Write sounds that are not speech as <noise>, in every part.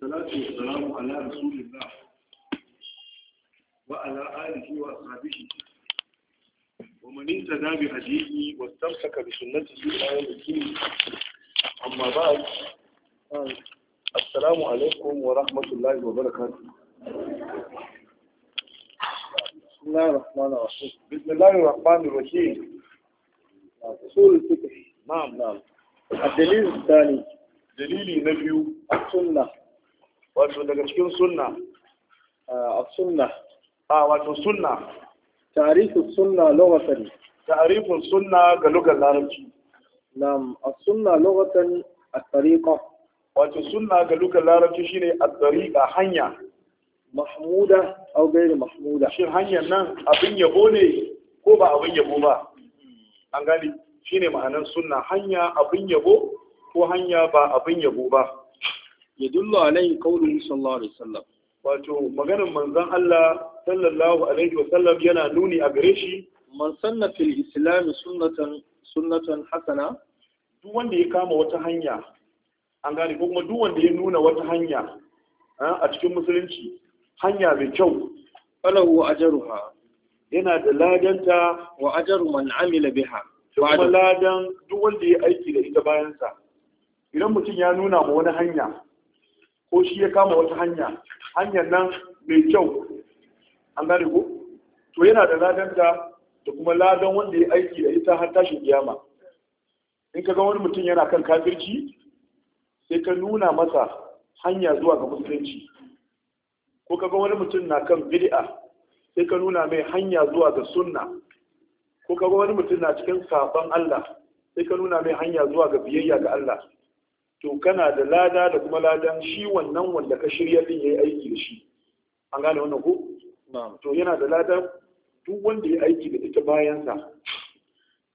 salatu wa salamu ala rasulillah wa ala alihi wa ashabihi wa man intada bi hadihi wa istamsaka bi sunnatihi ila yawm al-din amma ba'd assalamu alaikum wa rahmatullahi wa barakatuh الدليل الثاني دليلي wato daga cikin sunna uh, a sunna a wato sunna tarihin sunna lokacin tarihin sunna ga lugar larabci nam a sunna lokacin a tariƙa wato sunna ga lugar larabci shine a tariƙa hanya mahmuda au gairi mahmuda shin hanyar nan abin yabo ne ko ba abin yabo ba an gani shine ma'anar sunna hanya abin yabo ko hanya ba abin yabo ba Ya dullo alaihi qawluhu sallallahu alaihi wasallam wato maganar manzon Allah sallallahu alaihi wasallam yana nuni a gare shi man sanna fil islam sunnatan sunnatan hasana duk wanda ya kama wata hanya an gane ko kuma duk wanda ya nuna wata hanya a cikin musulunci hanya mai kyau falahu ajruha yana da ladanta wa ajru man amila biha ladan duk wanda ya aiki da ita bayan sa idan mutum ya nuna ma wani hanya ko shi ya kama wata hanya hanyar nan mai kyau an gane ko to yana da ladan da da kuma ladan wanda ya aiki da ita har tashin kiyama in ka ga wani mutum yana kan kafirci sai ka nuna masa hanya zuwa ga musulunci ko ka ga wani mutum na kan bid'a sai ka nuna mai hanya zuwa ga sunna ko ka ga wani mutum na cikin sabon Allah sai ka nuna mai hanya zuwa ga biyayya ga Allah to kana da lada da kuma ladan shi wannan wanda ka shirya din yayi aiki da shi an gane wannan ko to yana da lada duk wanda ya aiki da ita bayan sa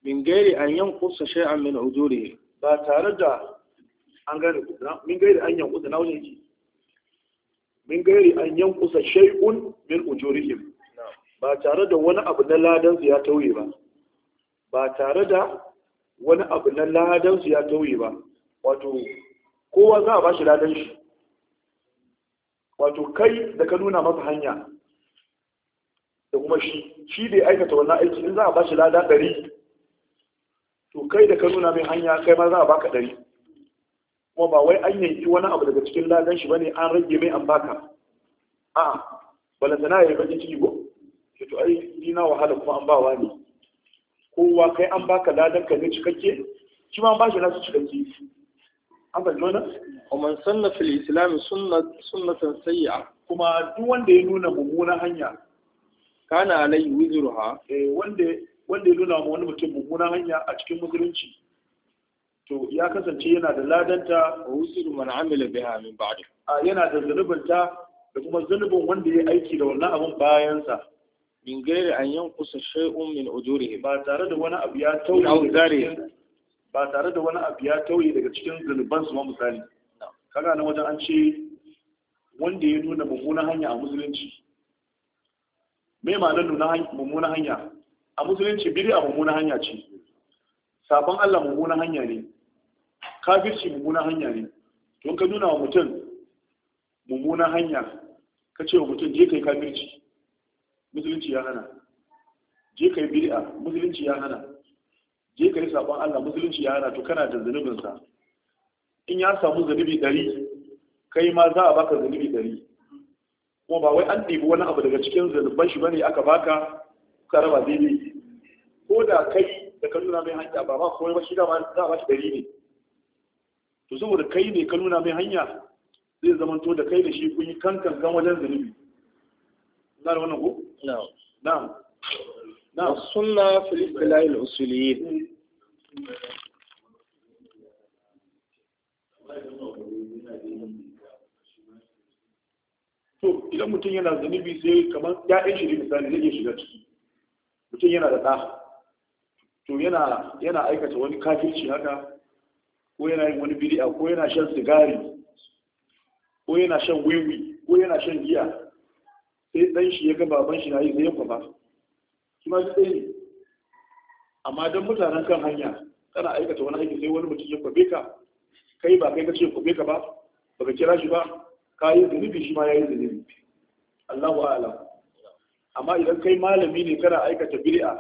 min gairi an kusa shay'an min ujurihi ba tare da an gane min gairi an kusa na wajen yake min gairi an kusa shay'un min ujurihim ba tare da wani abu na ladan su ya tauye ba ba tare da wani abu na ladan su ya tauye ba wato kowa za a bashi ladan shi wato kai da ka nuna masa hanya da kuma shi shi da ya aikata wannan aiki in za a bashi lada ɗari to kai da ka nuna mai hanya kai ma za a baka ɗari kuma ba wai an yanki wani abu daga cikin ladan shi bane an rage mai an baka a balantana ya yi baki ciki ko ke to ai ni na wahala kuma an bawa ne kowa kai an baka ladan ka ne cikakke shi ma an bashi nasu cikakke an fahimci wannan ومن سن في الإسلام سنة سنة سيئة كما duk wanda ya nuna mummunan hanya kana alai wizruha eh wanda wanda ya nuna ma wani mutum mummunan hanya a cikin musulunci to ya kasance yana da ladanta wa wizru man amila biha min ba'd a yana da zanubin ta da kuma zanubin wanda ya aiki da wannan abun bayan sa min gairi an yankusa shay'un min ujurihi ba tare da wani abu ya tauye ba tare da wani abu ya tauye daga cikin zunuban su ma misali kaga na wajen an ce wanda ya nuna mummunan hanya a musulunci me ma'anar nuna mummunan hanya a musulunci biri a mummunan hanya ce sabon Allah mummunan hanya ne kafirci mummunan hanya ne don ka nuna wa mutum mummunan hanya ka ce wa mutum je kai kafirci musulunci ya hana je kai a musulunci ya hana je ka yi sabon Allah musulunci ya hana to kana da zunubinsa in ya samu zunubi ɗari kai ma za a baka zunubi ɗari kuma ba wai an ɗibi wani abu daga cikin zunuban shi bane aka baka ka raba daidai ko da kai da ka nuna mai hanya ba ba kowai ba shi dama za a baki ɗari ne to saboda kai ne ka nuna mai hanya zai to da kai da shi kun yi kankan kan wajen zunubi na da wannan ko na'am na sunna fil istilah al usuliyin to idan mutum yana zunubi sai kamar ya'yan shi misali zai iya shiga ciki mutum yana da ɗa to yana aikata wani kafirci haka ko yana yin wani bidi'a ko yana shan sigari ko yana shan wiwi ko yana shan giya sai dan shi ya ga baban shi na yi zai kwafa shi ma shi ɗaya ne amma don mutanen kan hanya kana aikata wani aiki sai wani mutum ya kwabe ka kai ba kai ka ce kwabe ka ba baka kira shi ba ka yi zunubi shi ma ya yi zunubi Allahu a'lam amma idan kai malami ne kana aikata bil'a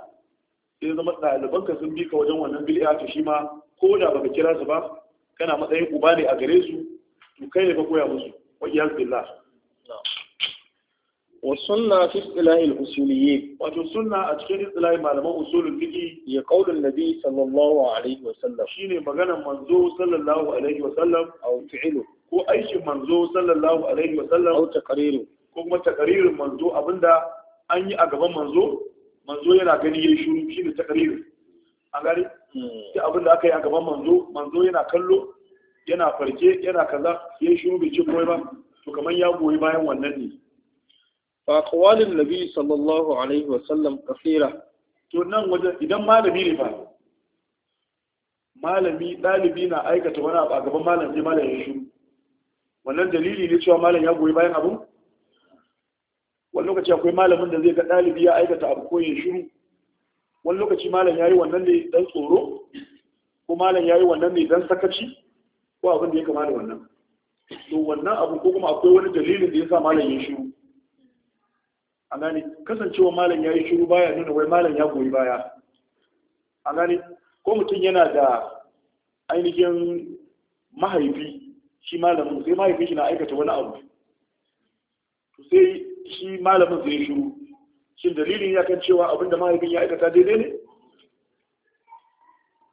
sai zama ɗalibanka sun bi ka wajen wannan bil'a to shi ma ko da baka kira su ba kana matsayin uba ne a gare su to kai ne ka koya musu wa iyaz billah والسنة في اصطلاح الأصوليين والسنة أشكال اصطلاح معلمة أصول الفقه هي قول النبي صلى الله عليه وسلم شيني مغانا منزو صلى الله عليه وسلم أو فعله هو شيء منزو صلى الله عليه وسلم أو تقريره كما تقرير منزو أبندا أني أقبى منزو منزو ينا غني يشورو شيني تقرير أغاري ta abin da aka yi a gaban manzo manzo yana kallo yana farke yana kaza ya shiru bai ce komai ba to kamar ya goyi bayan wannan ne fa qawalin nabi sallallahu alaihi wasallam kafira to nan wajen idan malami ne fa malami dalibi na aikata wani abu a gaban malam sai malam ya shiru wannan dalili ne cewa malam ya goyi bayan abu wani lokaci akwai malamin da zai ga dalibi ya aikata abu ko ya shi wani lokaci malam ya yi wannan ne dan tsoro ko malam ya yi wannan ne dan sakaci ko abin da ya kama da wannan to wannan abu ko kuma akwai wani dalilin da ya sa malam ya shi a gani kasancewa malam ya yi shiru baya nuna wai malam ya goyi baya a gani ko mutum yana da ainihin mahaifi shi malamin sai mahaifi shi na aikata wani abu to sai shi malamin zai shuru. shin dalilin ya kan cewa abinda mahaifin ya aikata daidai ne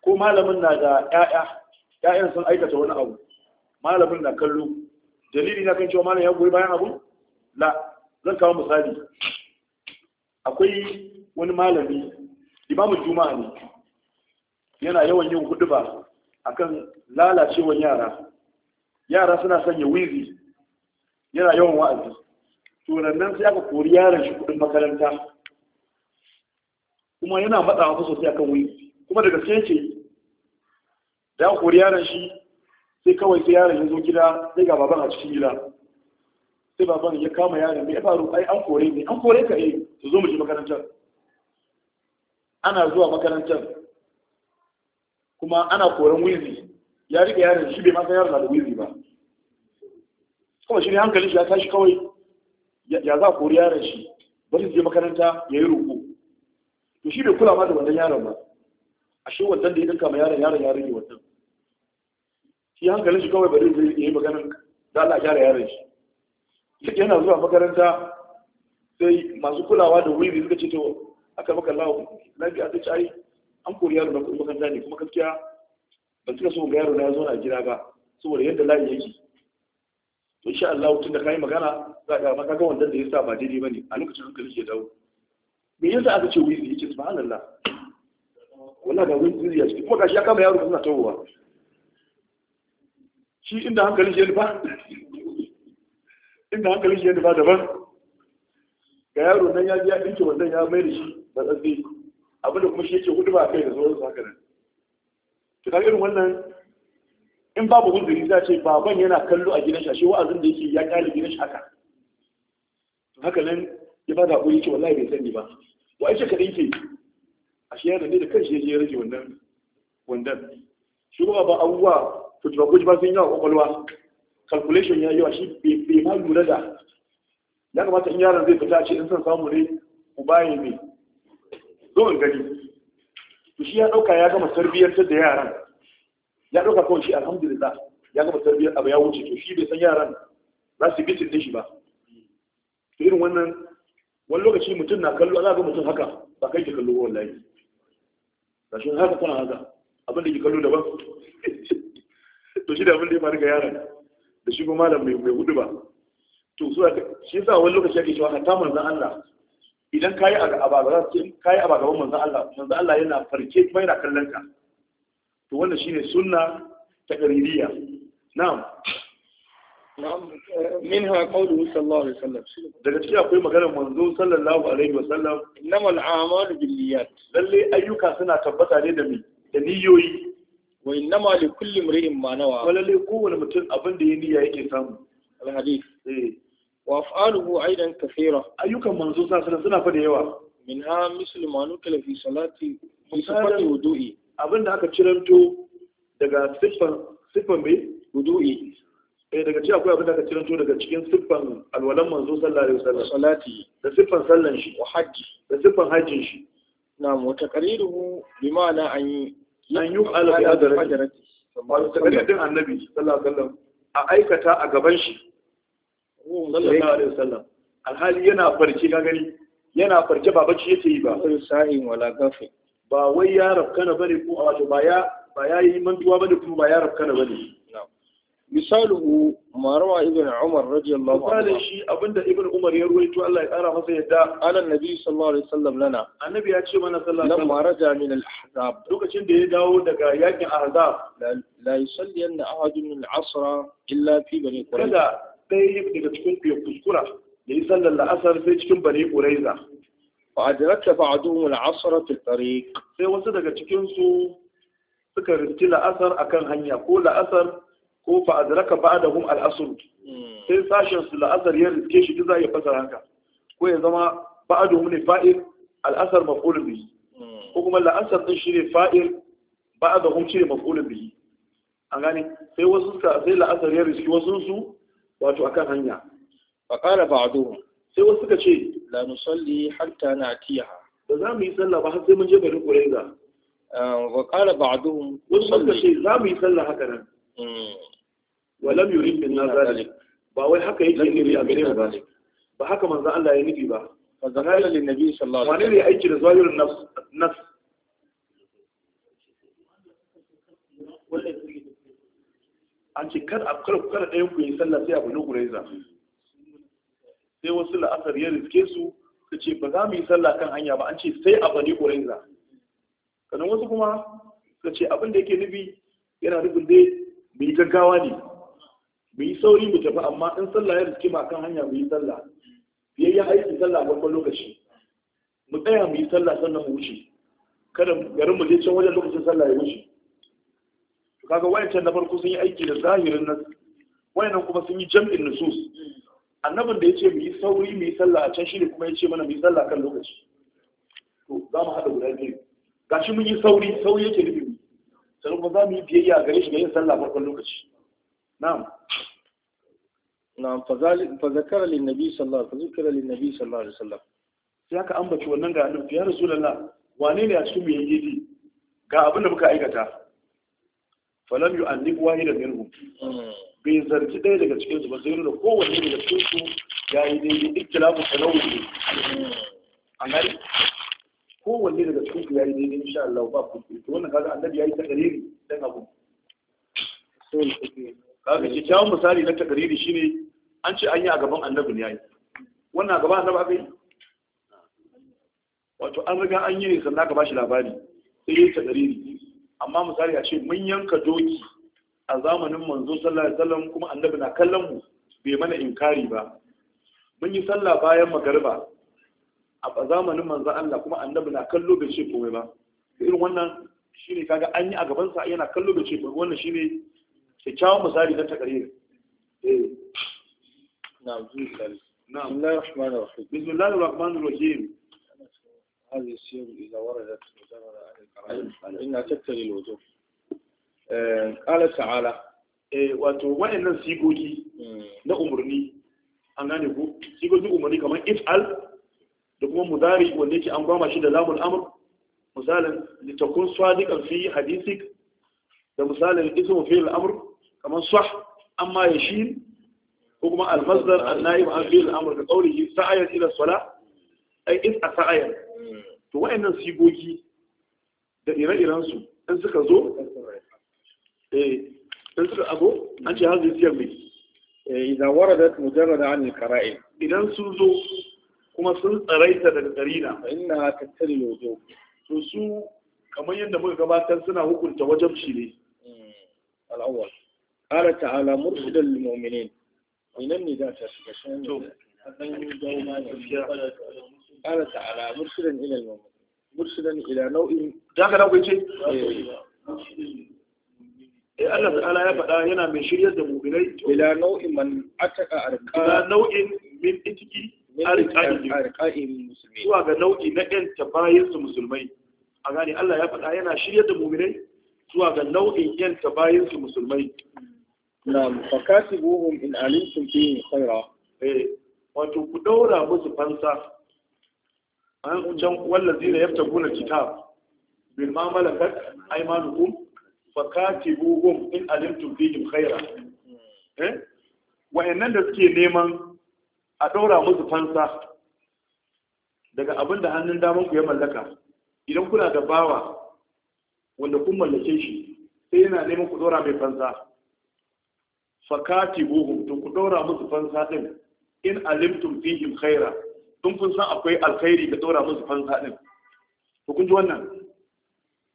ko malamin na da 'ya'ya 'ya'yan sun aikata wani abu malamin na kallo dalilin ya kan cewa malam ya goyi bayan abu la zan kawo misali akwai wani malami imamun juma'a ne yana yawan yin huduba akan lalacewar yara yara suna sanya wizi yana yawan wa'azi Tunannan sai aka kori yaran shi kudin makaranta kuma yana matsa wasu sosai akan wizi kuma da gaske ce da aka kori yaran shi sai kawai sai yaran ya zo gida sai ga baban a cikin gida sai baban ya kama yaron ya faru ai an kore ne an kore ka eh su zo mu je makarantar ana zuwa makarantar kuma ana koren wizi ya riga yaron shi bai ma san yaron da wizi ba kuma shi ne hankalin shi ya tashi kawai ya za a kori yaron shi bari je makaranta ya yi roƙo to shi bai kula ma da wannan yaron ba ashe wannan da ya dinka ma yaron yaron ya rage wannan shi hankalin shi kawai bari zai yi maganin da Allah ya gyara yaron shi yana zuwa makaranta sai masu kulawa da wuri suka ce to aka maka lawo lafiya ta ai an kori yaro na kuɗin makaranta ne kuma gaskiya ban cika so ga yaro na ya zo na gida ba saboda yadda layi yake to insha Allah tun da kai magana za ka maka ga wannan da yasa ba daidai bane a lokacin hankali kake dawo me yasa aka ce wuri yake subhanallah wallahi ga wuri ya shi kuma gashi ya kama yaro suna tawowa shi inda hankali ke nufa. inda hankalin shi ya nufa daban ga yaro nan ya biya ɗinke wannan ya mai da shi da tsatsi abin da kuma shi yake hudu ba a kai da sauransu haka nan to irin wannan in babu huzuri za ce baban yana kallo a gidan shi wa'azin da yake ya kyale gidan shi haka haka nan ya ba da kuri ce wallahi bai sani ba wa ake ke A shi yana ne da kanshi ya je ya rage wannan wandan shi ba ba abubuwa to ba sun yi wa kwakwalwa calculation ya yi wa shi bai ma lura da ya kamata in yaran zai fita ce in son samu ne ku baye ne don in gani to shi ya dauka ya gama tarbiyyar ta da yaran ya dauka kawai shi alhamdulillah ya gama tarbiyyar abu ya wuce to shi bai san yaran za su bitin din shi ba to irin wannan wani lokaci mutum na kallo za ga mutum haka ba kai ki kallo wallahi shi haka kuna haka abin da ki kallo daban <laughs> to shi da abin da ya faru ga yaran da shi kuma malam mai hudu ba to su shi yasa wani lokaci ake cewa hatta manzon Allah idan kayi a ba za su kayi a gaban manzon Allah manzon Allah yana farke kuma yana kallon ka to wannan shine sunna ta qaririya na'am na'am minha qawluhu sallallahu alaihi wasallam daga cikin akwai maganar manzo sallallahu alaihi wasallam innamal a'malu binniyat lalle ayyuka suna tabbata ne da mi da niyoyi wa inna ma li kulli imri'in ma nawa wala li kowane mutum abin da ya niyya yake samu al hadith eh wa af'aluhu aidan kathira ayyukan manzo sallallahu suna fa da yawa min ha mislu ma nukala fi salati fi sifati wudu'i abin da aka ciranto daga siffan siffan me wudu'i eh daga ci akwai abin da aka ciranto daga cikin siffan alwalan manzo sallallahu alaihi wasallam salati da siffan sallan shi wa hajji da siffan hajjin shi na'am wa taqriruhu bi ma'ana an an yi ala bi annabi sallallahu alaihi a aikata a gaban shi sallallahu alaihi alhali yana farce gani yana ba bacci yake yi ba ba wai ya rafkana bane ko wato ba ya ba ya yi mantuwa bane kuma ba ya rafkana bane misaluhu marawa ibn umar radiyallahu anhu misalin shi abinda ibn umar ya ruwaito Allah ya kara masa yadda ala nabi sallallahu alaihi wasallam lana annabi ya ce mana sallallahu alaihi wasallam lamma raja min al-ahzab lokacin da ya dawo daga yakin ahzab la yusalli anna ahadun min al-asra illa fi bani quraiza kada dai daga cikin ku kuskura da yi sallar la'asar sai cikin bani quraiza fa adraka ba'duhum al-asra fi tariq sai wasu daga cikin su suka rinci la'asar akan hanya ko la'asar ko fa adraka ba'dahum al-asr hmm. sai sashen su la'asar ya riske shi za ya fasara haka ko ya zama ba'dahum ne fa'il al-asr maf'ul bihi hmm. ko kuma la'asar din shi ne fa'il ba'dahum shi ne maf'ul bihi an gane sai wasu suka sai la'asar ya riski wasu su wato akan hanya fa qala ba'dahum sai wasu suka ce la nusalli hatta na'tiha ba za mu yi sallah ba har sai mun je garin Qurayza eh, wa qala ba'dahum wasu suka ce za mu yi sallah haka nan hmm. ولم يريد bin ذلك ba wai haka yake nufi a gare mu ba ba haka manzo Allah ya nufi ba fa zakala lin nabi sallallahu alaihi ne da an ce kar a kar kar ɗayan ku yi sallah sai a bani gureza sai wasu la'asar ya riske su ka ce ba za mu yi sallah kan hanya ba an ce sai a bani gureza kanan wasu kuma ka ce abin da yake nufi yana nufin dai mu yi gaggawa ne mu yi sauri mu tafi amma in sallah ya riske ba kan hanya mu yi sallah fiye ya aiki sallah a farkon lokaci mu tsaya mu yi sallah sannan mu wuce kada garin mu je can wajen lokacin sallah ya wuce to kaga wayancan na farko sun yi aiki da zahirin nas wayannan kuma sun yi jam'in nusus annabin da ya ce mu yi sauri mu yi sallah a can shine kuma ya ce mana mu yi sallah kan lokaci to za mu haɗa guda biyu gashi mun yi sauri sauri yake nufin sannan kuma za mu yi biyayya gare shi ga yin sallah farkon lokaci na'am na'am fa zakara lin nabi sallallahu alaihi wasallam lin nabi sallallahu alaihi wasallam sai aka ambaci wannan ga annabi ya rasulullah wane ne a cikin mu yayi ga abin da muka aikata falam yu'annib wahida minhum bai zargi ɗaya daga cikin su ba zai nuna kowanne daga cikin su ya yi daidai ikilafu talawu ne an gani kowanne daga cikin su ya yi daidai insha Allah ba ku to wannan kaga annabi ya yi takariri dan abu kaga kyakkyawan misali na takariri shine an ce an yi a gaban annabi ne yayi wannan a gaban annabi abin wato an riga an yi ne sannan ka bashi labari sai yi ta dariri amma misali a ce mun yanka doki a zamanin manzo sallallahu alaihi wasallam kuma annabi na kallon mu bai mana inkari ba mun yi sallah bayan magariba a zamanin manzo Allah kuma annabi na kallo bai ce komai ba irin wannan shine kaga an yi a gaban sa yana kallo bai ce komai wannan shine kyakkyawan misali na takariri eh نعم نعم الرحمن الرحيم بسم الله الرحمن الرحيم هذه السير إذا وردت إنها تبتلي قال تعالى wato waɗannan sigogi hmm. na umarni an umarni kamar if'al da kuma muzari wanda an gwama shi da lamun amur misalin litakun swadiqan fi hadisik da misalin ismu fi'il kamar sah amma ko kuma almasdar annaib an fil amr ka qawlihi sa'ayan ila salah ai is a sa'ayan to wayannan sigogi da ire-iren su in suka zo eh in suka ago an ce hazi siyar mai eh, idan waradat mujarrada an al idan sun zo kuma sun tsaraita daga karina inna tattali wudu to su kamar yadda muka gabatar suna hukunta wajabci ne hmm, al-awwal qala ta'ala mursidan lil mu'minin inan ne da ta shiga shan to dan dawo ma gaskiya ala ta'ala murshidan ila al murshidan ila nau'in daga nan ce eh. eh Allah ta'ala ya faɗa yana mai shiryar da mu'minai ila nau'in man ataka arqa ila nau'in min itiki arqa'in musulmi zuwa ga nau'i na ɗan tabayin su musulmai a gane Allah ya faɗa yana shiryar da mu'minai zuwa ga nau'in ɗan tabayin su musulmai fakati fakatibuhum in alimtum fihim khaira eh wato ku daura musu fansa an can wallazi da yabtaguna kitab bil ma malakat aymanukum fakatibuhum in alimtum fihim khaira eh wayannan da suke neman a daura musu fansa daga abin da hannun daman ku ya mallaka idan kuna da bawa wanda kun mallake shi sai yana neman ku dora mai fansa fakati buhum to ku ɗora musu fansa ɗin in alimtum fihim khaira in kun san akwai alkhairi ka ɗora musu fansa ɗin to kun ji wannan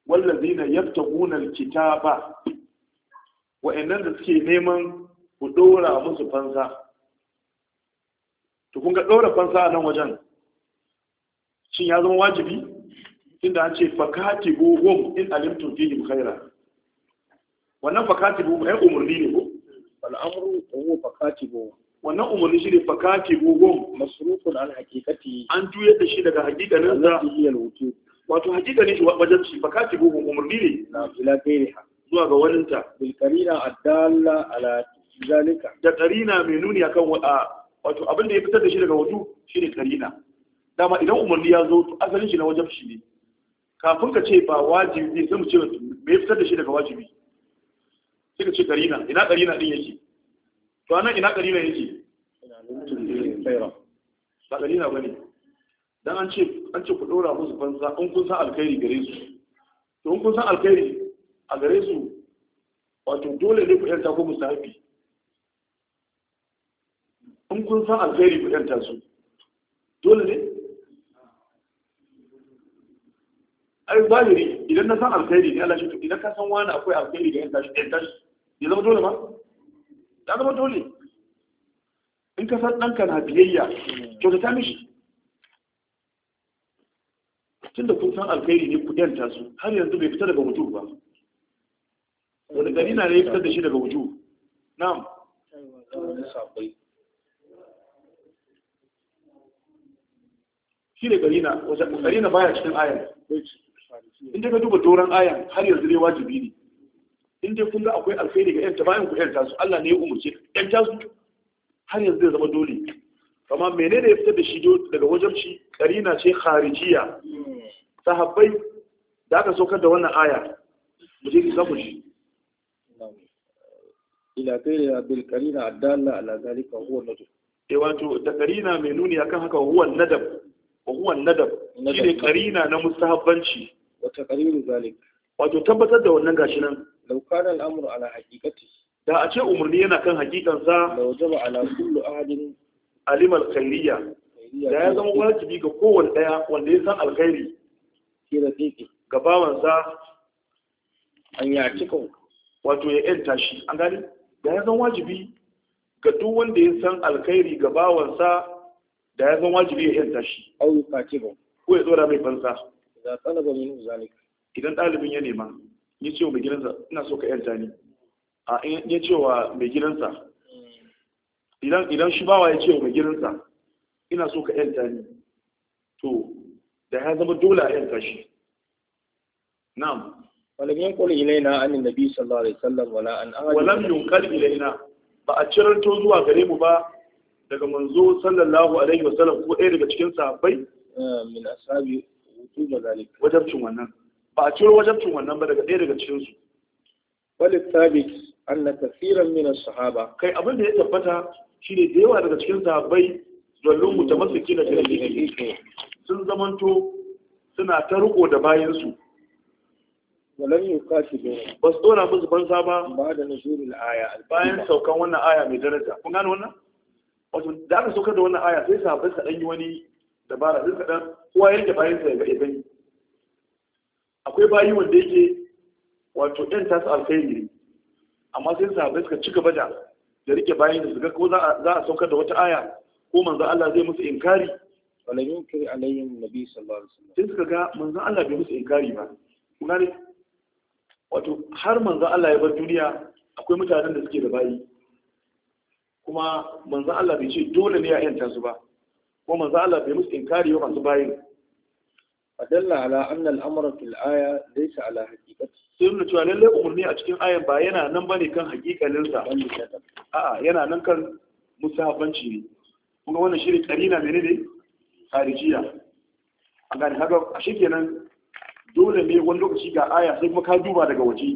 wallazina yabtaguna alkitaba wa'annan da suke neman ku ɗora musu fansa to kun ga ɗora fansa a nan wajen shin ya zama wajibi inda an ce fakati buhum in alimtum fihim khaira wannan fakati buhum ai umurni ne ko al'amru huwa fakatibu wannan umarni shi ne fakati gugun masrufun an hakikati an juya da shi daga hakikanin sa wato hakikanin shi wajen shi fakati gom umarni ne na ila ha zuwa ga wani ta bil qarina adalla ala zalika da qarina mai nuni akan wato abin da ya fitar da shi daga wudu shine qarina dama idan umarni ya zo to asalin shi na wajen shi ne kafin ka ce ba wajibi ne sai mu ce mai fitar da shi daga wajibi sai ka ce qarina ina qarina din yake to anan ina kalila yake ba kalila bane dan an ce an ce ku dora musu fansa in kun san alkhairi gare su to in kun san alkhairi a gare su wato dole ne ku yanta ko musafi in kun san alkhairi ku yanta su dole ne ai zahiri idan na san alkhairi ne Allah shi idan ka san wani akwai alkhairi ga yanta shi yanta shi ya zama dole ba ya zama dole in ka san ɗanka na biyayya kyautata mishi tun da kun san alkhairi ne ku danta su har yanzu bai fita daga wujuhu ba wani gari na ya fitar da shi daga wujuhu na'am shi gari garina wajen na baya cikin ayan in ka duba doron ayan har yanzu ne wajibi ne in dai kun ga akwai alkhairi ga yanta bayan ku yanta su Allah ne ya umurce 'yan su har yanzu zai zama dole amma menene ya fitar da shi daga wajen shi karina ce kharijiya sahabbai da aka saukar da wannan aya mu je ki samu shi ila ya bil karina adalla ala zalika huwa nadab eh wato da karina mai nuni akan haka huwa nadab huwa nadab ne karina na mustahabbanci wata karina zalika wato tabbatar da wannan gashi nan daukar al'amur ala hakikati da a ce umarni yana kan hakikansa da wajaba ala kullu ahadin alimal khairiyya da ya zama wajibi ga kowanne daya wanda ya san alkhairi ke da tsiki ga bawansa an ya cika wato ya yanta shi an gani da ya zama wajibi ga duk wanda ya san alkhairi ga da ya zama wajibi ya shi au ko ya tsora mai fansa idan ɗalibin ya nema ya ce wa mai gidansa ina so ka ni a ya ce wa mai gidansa idan shi bawa ya ce wa mai gidansa ina so ka yanta ni to da ya zama dole a yanta shi na'am walam yanqul ilaina an annabi sallallahu alaihi wasallam wala an ahad walam yunqal ilaina ba a to zuwa gare mu ba daga manzo sallallahu alaihi wasallam ko ɗaya daga cikin sahabbai eh, min ashabi wajabcin wannan ba a ciro wajen cin wannan ba daga ɗaya daga cikin su walid sabit anna kaseeran min as-sahaba kai abin da ya tabbata shine da yawa daga cikin sahabbai dallon na da dalili sun zamanto suna ta riko da bayan su walan Ba bas dora musu banza ba ba da nuzulul aya bayan saukan wannan aya mai daraja kun gane wannan wato da aka saukar da wannan aya sai sahabbai ka dan yi wani dabara sai ka dan kowa yake bayan sa ya ga ibani akwai bayi wanda yake wato ɗan tasu alkhairi amma sai sahabbai suka ci gaba da da rike bayan da su ga ko za a saukar da wata aya ko manzo Allah zai musu inkari wala yunkiri alayhim nabi sallallahu alaihi wasallam sai suka ga manzo Allah bai musu inkari ba ne wato har manzo Allah ya bar duniya akwai mutanen da suke da bayi kuma manzo Allah bai ce dole ne ya yanta su ba ko manzo Allah bai musu inkari ba masu bayin adalla ala annal amra fil aya laysa ala haqiqati sun nuna cewa lalle umarni a cikin ayan ba yana nan bane kan hakikalin sa a'a yana nan kan musabanci ne kuma wannan shi ne karina ne harijiya an gani haka a shi kenan dole ne wani lokaci ga aya sai kuma ka duba daga waje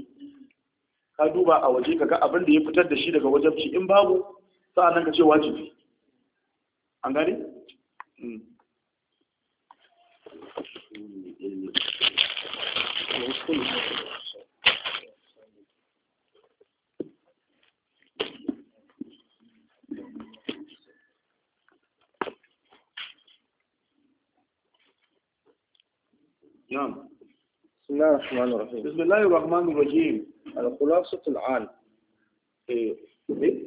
ka duba a waje ka ga abin da ya fitar da shi daga wajabci in babu sa'annan ka ce wajibi an gane hmm. نعم بسم الله الرحمن الرحيم بسم الله الرحمن الرحيم الخلاصة الآن إيه. إيه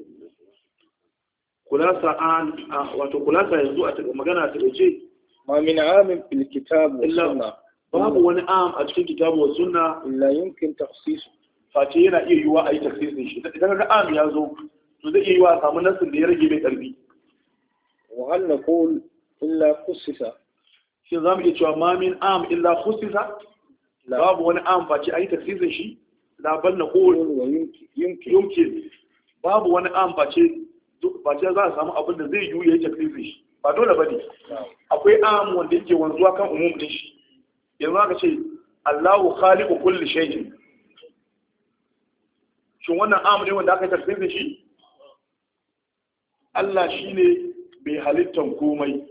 خلاصة الآن وتخلاصة يزوء magana ta ma min amin fil kitab illa babu wani am a cikin kitabu wa sunna illa yumkin takhsis face yana iya yiwa a yi takhsisin shi idan ga am ya zo to zai iya yiwa a samu nasin da ya rage mai karbi wa hal naqul illa khussisa shin zamu iya cewa ma min am illa khussisa babu wani am face ayi yi takhsisin shi la bal naqul yumkin yumkin babu wani am face face za a samu abin da zai yiwu ya yi takhsisin shi ba dole ba ne akwai amu wanda yake wanzuwa kan umum din shi yanzu aka ce Allahu khaliqu kulli shay'in shin wannan amu ne wanda aka yi tafsir da shi Allah shine bai halittan komai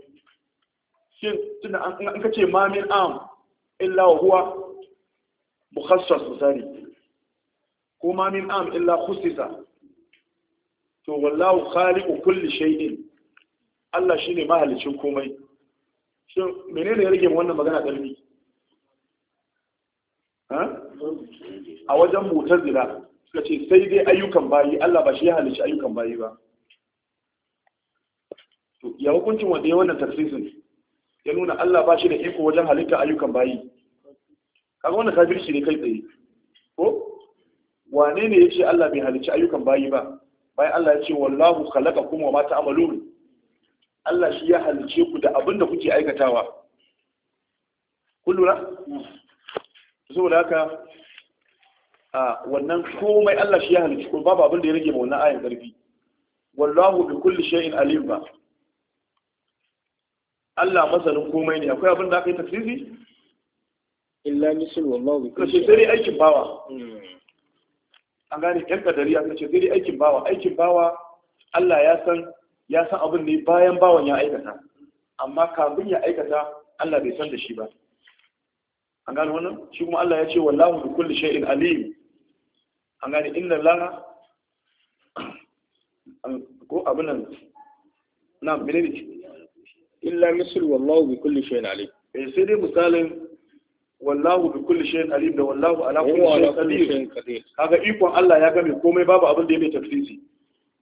shin tunda an kace mamin ma min am illa huwa mukhassas sari ko ma min am illa khusisa to wallahu khaliqu kulli shay'in Allah shi ne mahalicin komai shin menene ya rage wannan magana ɗarfi? a wajen motar zira suka ce sai dai ayyukan bayi Allah ba shi ya halici ayyukan bayi ba ya hukuncin wanda ya wannan tarsisin, ya nuna Allah ba shi da iko wajen halitta ayyukan bayi kaga wannan shi ne kai tsaye ko wane ne ya ce Allah bai halici ayyukan bayi ba bayan Allah ya ce wallahu khalaqakum wa mata amalurin. Allah shi ya halice ku da abin da kuke aikatawa Kullura? lura saboda haka a wannan komai Allah shi ya halice ku babu abin da ya rage ma wannan ayin karfi wallahu bi kulli shay'in alim ba Allah masanin komai ne akwai abin da aka yi tafsiri illa misal wallahu bi kulli shay'in sai aikin bawa hmm. an gane yan kadariya kace sai aikin bawa aikin bawa Allah ya san ya san abin ne bayan bawan ya aikata amma kafin ya aikata Allah bai san da shi ba an gane wannan shi kuma Allah ya ce wallahu bi kulli shay'in alim an gane inna lana ko abin nan na menene illa misr wallahu bi kulli shay'in alim eh sai dai misalin wallahu bi kulli shay'in alim da wallahu ala kulli shay'in qadir kaga ikon Allah ya game komai babu abin da ya mai tafsiri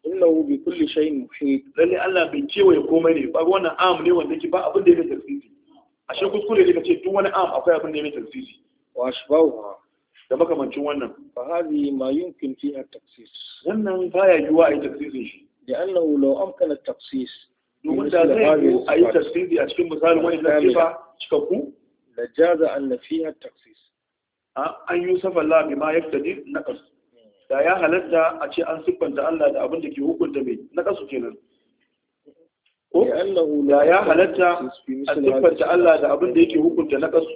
innahu bi kulli shay'in muhit lalle Allah bai ya komai ne ba wannan am ne wanda yake ba abin da yake tafsiri ashe kuskure ne kace duk wani am akwai abin da yake tafsiri wa ashbahu da makamancin wannan fa hadhi ma yumkin fi at taksis. wannan baya yiwa a yi tafsirin shi da annahu law amkana at taksis. domin da zai yi a yi tafsiri a cikin misalin wani tafsira cikakku la jaza an fiha at-tafsir an yusafa Allah bima yaqtadi naqas da ya halatta a ce an siffanta Allah da abin da ke hukunta mai na kasu kenan ko da ya halatta a siffanta Allah da abin da yake hukunta na kasu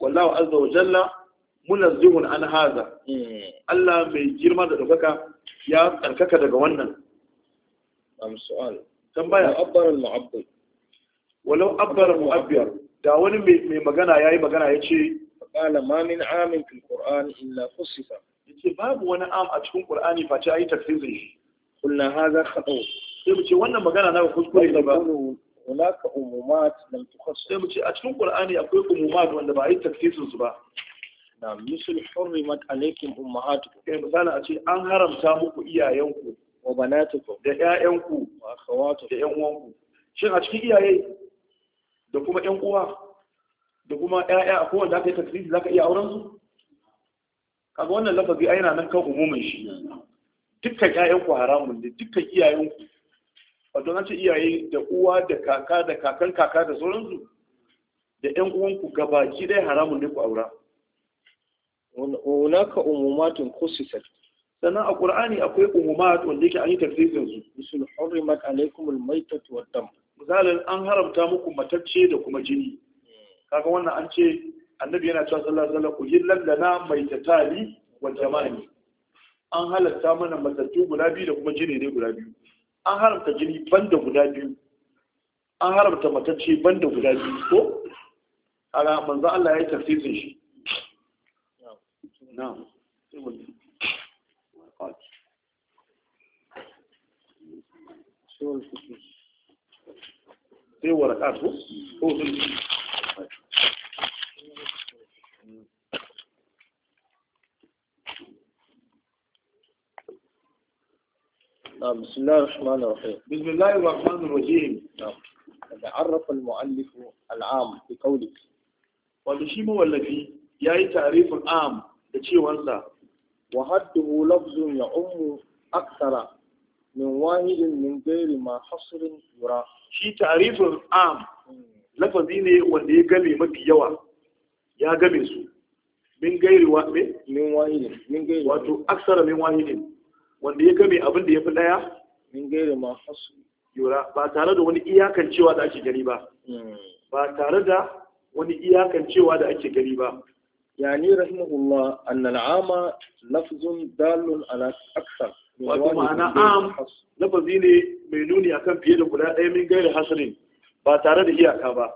wallahu azza wa jalla munazzihun an haza Allah mai girma da daukaka ya tsarkaka daga wannan am su'al tambaya abbara al-mu'abbir walau abbara mu'abbir da wani mai magana yayi magana yace qala ma min amin fil qur'an illa fusifa ce babu wani am a cikin Qur'ani face ayi tafsirin shi kullu hadha khata sai mu ce wannan magana na kuskure ne ba hunaka umumat lam tukhassas sai mu ce a cikin Qur'ani akwai umumat wanda ba yi tafsirin su ba na misal hurrimat alaykum ummahatukum mu eh, misali a ce an haramta muku iyayenku wa banatukum da ƴaƴanku wa akhawatukum da ƴan uwanku shin a cikin iyaye da kuma ƴan uwa da kuma ƴaƴa akwai wanda aka yi tafsiri zaka iya auren su kaga wannan lafazi ai yana nan kan umumin shi dukkan ƴaƴan ku haramun ne dukkan iyayen ku wato an iyaye da uwa da kaka da kakan kaka da sauransu da ƴan uwan ku gabaki dai haramun ne ku aura hunaka umumatun khususat sannan a qur'ani akwai umumat wanda yake an yi tafsirin su misul hurrimat alaikum almaytat wad dam misalin an haramta muku matacce da kuma jini hmm. kaga wannan an ce annabi yana cewa sallallahu alaihi wasallam mai lana maitatani wa jamani an halatta mana matattu guda biyu da kuma jini ne guda biyu an haramta jini banda guda biyu an haramta matacce banda guda biyu ko ala manzo Allah ya yi tafsirin shi sai ko بسم الله الرحمن الرحيم بسم الله الرحمن الرحيم تعرف المؤلف العام بقولك wato shi mawallafi ya yi tarifin am da cewansa wa hadduhu lafzun ya ummu aksara min wahidin min gairi ma hasirin yura shi tarifin am lafazi ne wanda ya game mafi ya game su min gairi wa min gairi wato aksara min wahidin wanda ya game abin da ya fi ɗaya min gaira ma hasu yura ba tare da wani iyakan cewa da ake gani ba hmm. ba tare da wani iyakan cewa da ake gani ba Ya yani rahimahullah an al'ama lafzun dalun ala aksar wato ma'ana am lafazi ne mai nuni akan fiye da guda ɗaya min gairi hasirin ba tare da iyaka ba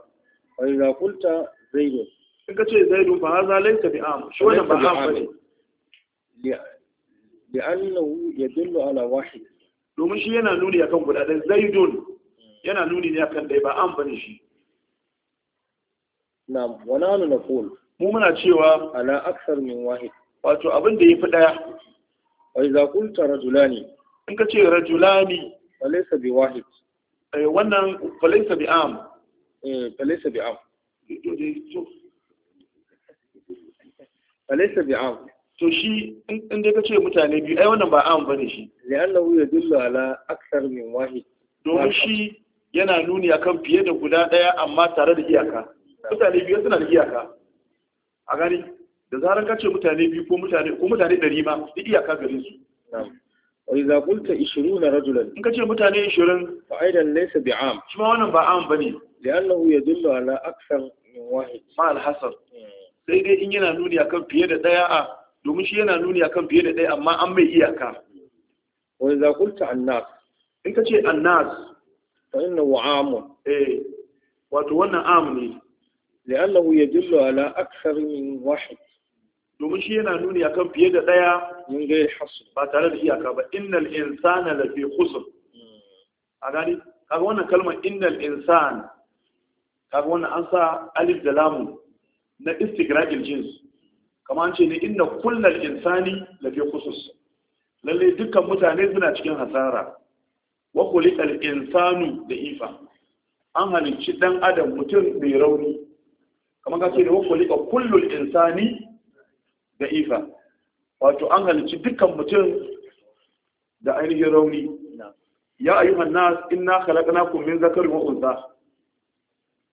wa idza qulta zaidun in ka ce zaidun fa hadha laysa bi am shi wannan ba am bane Da ya yadullu ala Wahi. domin shi yana nuni akan guda ɗaya zaidun yana nuni ne akan ɗaya ba an bane shi Na na'am wa nanu naqul mu muna cewa ala aksar min wahid wato abin da fi ɗaya Wai wa idza qulta rajulani in ka ce rajulani falaysa bi wahid eh wannan falaysa bi am eh falaysa bi am falaysa bi am to shi in dai ka ce mutane biyu ai wannan ba am bane shi li'annahu yadullu ala akthar min wahid domin shi yana nuni akan fiye da guda daya amma tare da iyaka mutane biyu suna da iyaka a gani da zarar ka ce mutane biyu ko mutane ko mutane 100 ma da iyaka gare su wa idza qulta 20 rajulan in ka ce mutane 20 fa aidan laysa bi'am shi ma wannan ba am bane li'annahu yadullu ala akthar min wahid ma al-hasr hmm. sai dai in yana nuni akan fiye da daya a domin shi yana nuni akan fiye da ɗaya amma an mai iyaka wani zakulta annas in ka ce annas fa inna wa amun eh wato wannan am ne li'annahu yadullu ala akthar min wahid domin shi yana nuni akan fiye da ɗaya min gairi hasr ba tare da iyaka ba innal insana lafi khusr a gani kaga wannan kalmar innal insan kaga wannan an sa alif da Lamu na istigra'il jins kamar ce ne inna kullal insani fi khusus lalle dukkan mutane suna cikin hasara wa kulikal insanu da ifa an halicci dan adam mutum mai rauni kamar ka ce ne wa kulika kullul insani da ifa wato an halicci dukkan mutum da ainihin rauni ya ayyuhan nas inna khalaqnakum min zakarin wa unsa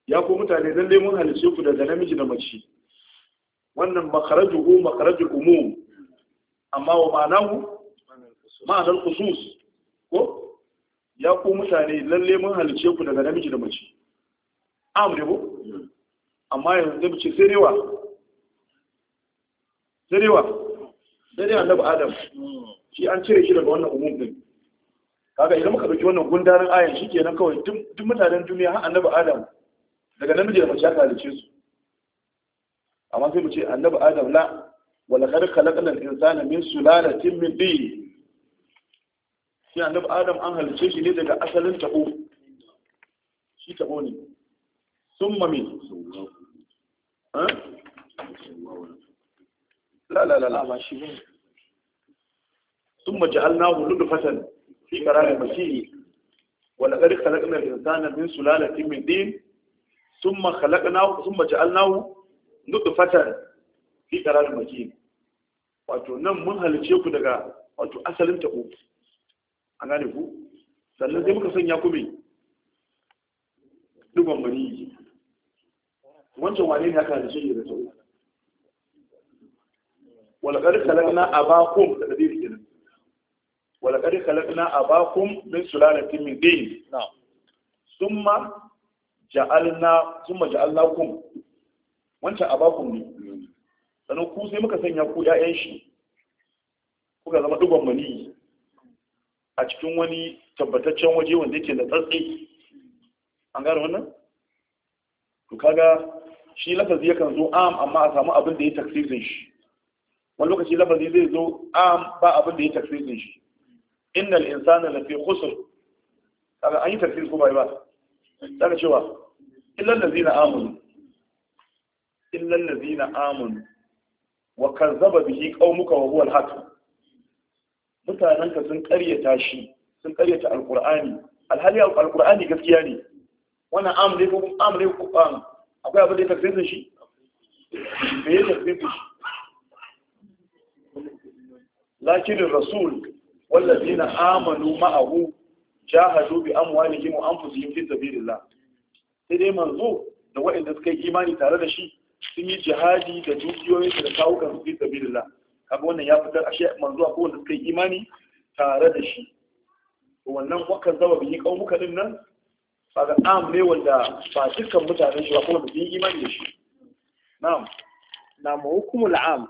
ya ku mutane lalle mun halicce ku daga namiji da mace wannan ko makaraju umum amma wa ma'anahu ma'anar khusus ko ya ku mutane lalle mun halice ku daga namiji da mace am ne ko amma yanzu da ce sai rewa sai rewa sai dai annabi adam shi an cire shi daga wannan umum din kaga idan muka dauki wannan gundarin ayan shi kenan kawai duk mutanen duniya har annabi adam daga namiji da mace aka halice su amma sai mu ce annabi adam la wala qad khalaqna al-insana min sulalatin min tin shi annabi adam an halice shi ne daga asalin tabo shi tabo ne summa min ha la la la la ba shi ne summa ja'alnahu nutfatan fi qararin makin wala qad khalaqna al-insana min sulalatin min tin ثم خلقناه ثم جعلناه nutfatan fi qararin makin wato nan mun halice ku daga wato asalin tabo an gane ku sannan sai muka sanya ku mai duban mani wancan wane ne aka halice shi da tabo walakar a abakum da kadiri kenan walakar kalakna abakum min sulalatin min din na. summa ja'alna na ja'alnakum wancan a bakun ne sannan ku sai muka sanya ku ƴaƴan shi kuka zama dugon mani a cikin wani tabbataccen waje wanda yake da tsatsi an gane wannan to kaga shi lafazi yakan zo am amma a samu abin da ya taksirin shi wani lokaci lafazi zai zo am ba abin da ya taksirin shi innal insana lafi khusr kaga an yi taksir ko bai ba daga cewa illal ladzina amanu illal ladina amanu wa kazzaba bihi qaumuka wa huwa al-haq mutananka sun karyata shi sun karyata alqur'ani alhali alqur'ani gaskiya ne wannan am ne ko am ne ko am akwai abin da ya tafsirin shi Me ya tafsirin shi lakin rasul والذين آمنوا معه جاهدوا بأموالهم وأنفسهم في سبيل الله sai dai manzo da waɗanda suka yi imani tare da shi sun yi jihadi da dukiyoyin su da kawukan su fi sabilillah kaga wannan ya fitar a ashe manzo a wanda suka yi imani tare da shi wannan wakan zama biyi kaumuka din nan ga am ne wanda ba dukkan mutanen shi ba kuma biyi imani da shi na'am na hukumul am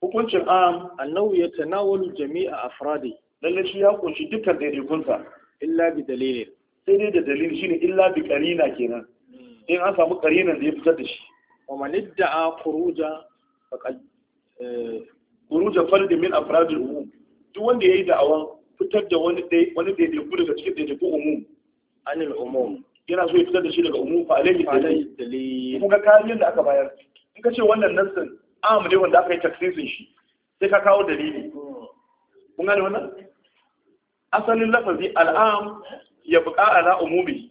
hukuncin am annahu yatanawalu jami'a afradi lalle shi ya kunshi dukkan kunsa illa bi dalilin sai dai da dalilin shine illa bi qarina kenan hmm. in an samu qarinan da ya fitar da shi wa man idda'a khuruja faqad khuruja fard min afrad duk wanda yayi da'awan fitar da wani dai wani daidaiku daga cikin daidaiku umum anil umum yana so ya fitar da shi daga umum fa alaihi dalil kuma kariyar da aka bayar in ka ce wannan nassin am ne wanda aka yi taksisin shi sai ka kawo dalili kun gane wannan asalin lafazi al'am ya buƙa ala umumi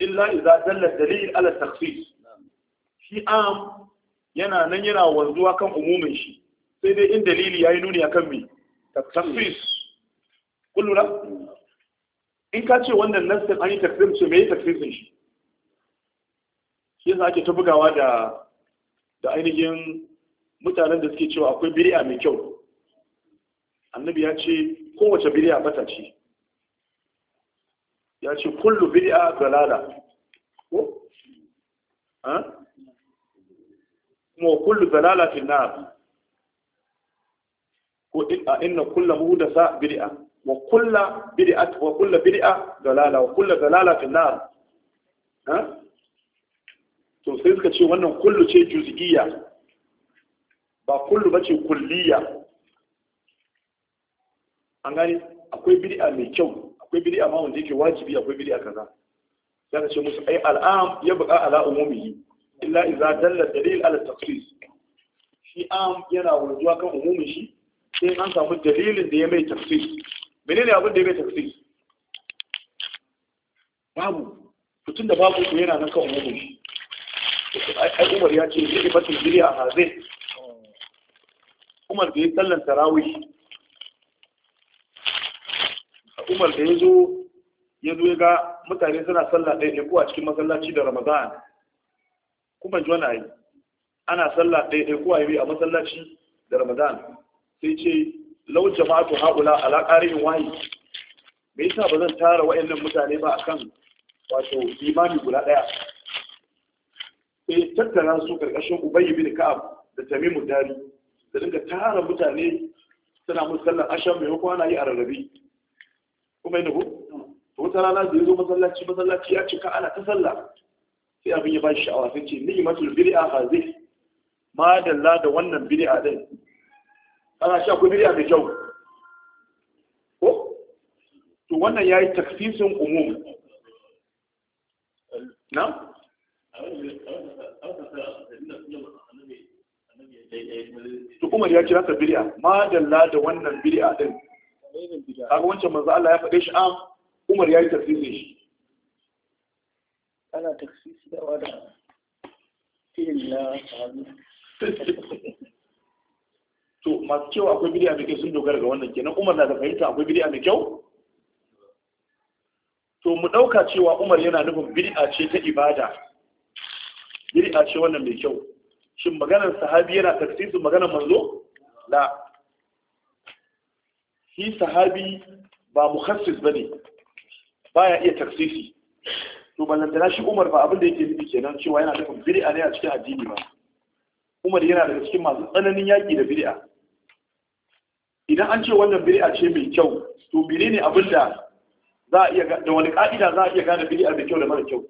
illa idza dalla dalil ala taksis shi am yana nan yana wanzuwa kan umumin shi sai dai in dalili yayi nuni akan me tafsir kullu na in ka ce wannan nassin an yi tafsir ce me yi tafsirin shi shi yasa ake ta bugawa da da ainihin mutanen da suke cewa akwai biri'a mai kyau annabi ya ce kowace biri'a bata ce ya ce kullu biri'a dalala ko ha kuma kullu dalalatin nar ko inna kullu muhdasa bid'a wa kullu bid'a wa kullu bid'a dalala wa kullu dalalatin nar ha to sai suka ce wannan kullu ce juz'iyya ba kullu bace kulliya an gani akwai bid'a mai kyau akwai bid'a ma wanda yake wajibi akwai bid'a kaza sai ka ce musu ai al'am ya buƙa ala umumi illa iza dalla dalil ala taqsis shi am yana wurduwa kan umumin shi sai an samu dalilin da ya mai tafsir menene abin da ya mai tafsir babu mutum da babu ko yana nan kan umumin shi ai Umar ya ce zai batun jiriya a hazin Umar da ya sallan tarawih Umar da ya zo ya zo ya ga mutane suna sallah ɗaya ko a cikin masallaci da Ramadan kuma ji wani ayi ana sallah ɗaya-ɗaya ko ayi a masallaci da ramadan sai ce lau jama'atu haula ala qari'in wahi me yasa ba zan tara wayannan mutane ba akan wato imani guda ɗaya? sai tattara su karkashin ubay bin ka'ab da tamimu dari da dinga tara mutane suna musu sallar asham mai hukuma ana yi a rarrabe kuma yana ko to wata rana da yazo masallaci masallaci ya cika ana ta sallah sai abin ya bashi sha'awa sai ce ni'matul bid'a hazi ma dalla da wannan bid'a din ana sha akwai bid'a mai kyau ko to wannan yayi takfisin umum na to kuma ya kira ta bid'a ma dalla da wannan bid'a din kaga wancan manzo Allah ya faɗe shi a ah, Umar yi tafsirin shi ana taksisi da wada da na sahabi <laughs> to masu kyau akwai bidiya mai kyau sun dogara ga wannan kenan umar na da fahimta akwai bidiya mai kyau to mu ɗauka cewa umar yana nufin bidi'a ce ta ibada bidi'a ce wannan mai kyau shin maganar sahabi yana taksisin maganar manzo la shi sahabi ba mukhassis bane baya iya taksisi to ballantana shi umar ba abin da yake nufi kenan cewa yana nufin bid'a ne a cikin addini ba umar yana daga cikin masu tsananin yaƙi da bid'a idan an ce wannan bid'a ce mai kyau to menene abin da za a iya da wani ka'ida za a iya gane bid'a da kyau da mara kyau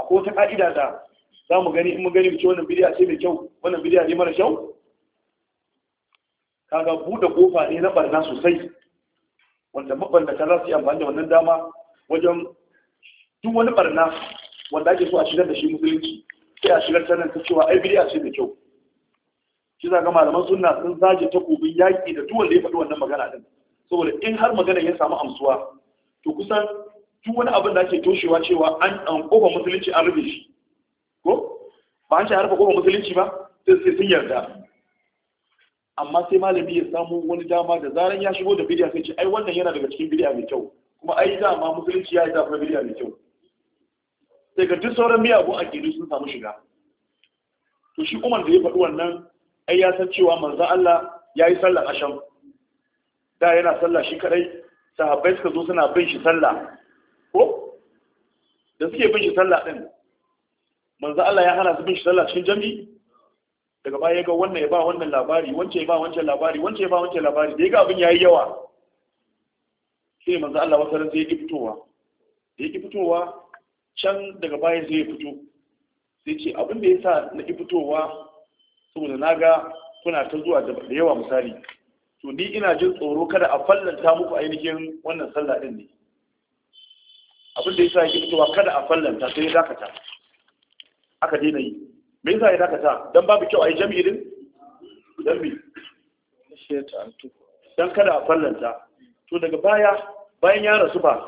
akwai wata ka'ida da za mu gani in mu gani mu ce wannan bid'a ce mai kyau wannan bid'a ne mara kyau kaga buɗe kofa ne na barna sosai wanda mabanda za su yi amfani da wannan dama wajen duk wani barna wanda ake so a shigar da shi musulunci sai a shigar sanar ta cewa ai bidiya ce da kyau shi za malaman sunna sun zage takobin yaki da duk wanda ya faɗi wannan magana din saboda in har magana ya samu amsuwa to kusan duk wani abin da ake toshewa cewa an an kofa musulunci an rufe shi ko ba an shi harfa kofa musulunci ba sai sai sun yarda amma sai malami ya samu wani dama da zaran ya shigo da bidiya sai ce ai wannan yana daga cikin bidiya mai kyau kuma ai dama musulunci ya yi zafi bidiya mai kyau sai ga duk sauran miyagun aƙidu sun samu shiga to shi umar da ya faɗi wannan ai ya san cewa manzo Allah ya yi sallar asham da yana sallah shi kadai sahabbai suka zo suna bin shi sallah ko da suke bin shi sallah din manzo Allah ya hana su bin shi sallah cikin jami'i daga baya ga wannan ya ba wannan labari wancan ya ba wancan labari wancan ya ba wancan labari da ya ga abin yayi yawa sai manzo Allah wasa ran sai ya fitowa da ya fitowa can daga baya sai ya fito sai ce abin da ya sa na ki fitowa saboda na ga kuna ta zuwa da yawa misali to ni ina jin tsoro kada a fallanta muku ainihin wannan sallah din ne abin da ya sa ya ki fitowa kada a fallanta sai ya dakata aka daina yi me yasa ya dakata dan babu kyau a yi jami'i din dan me dan kada a fallanta to daga baya bayan ya rasu ba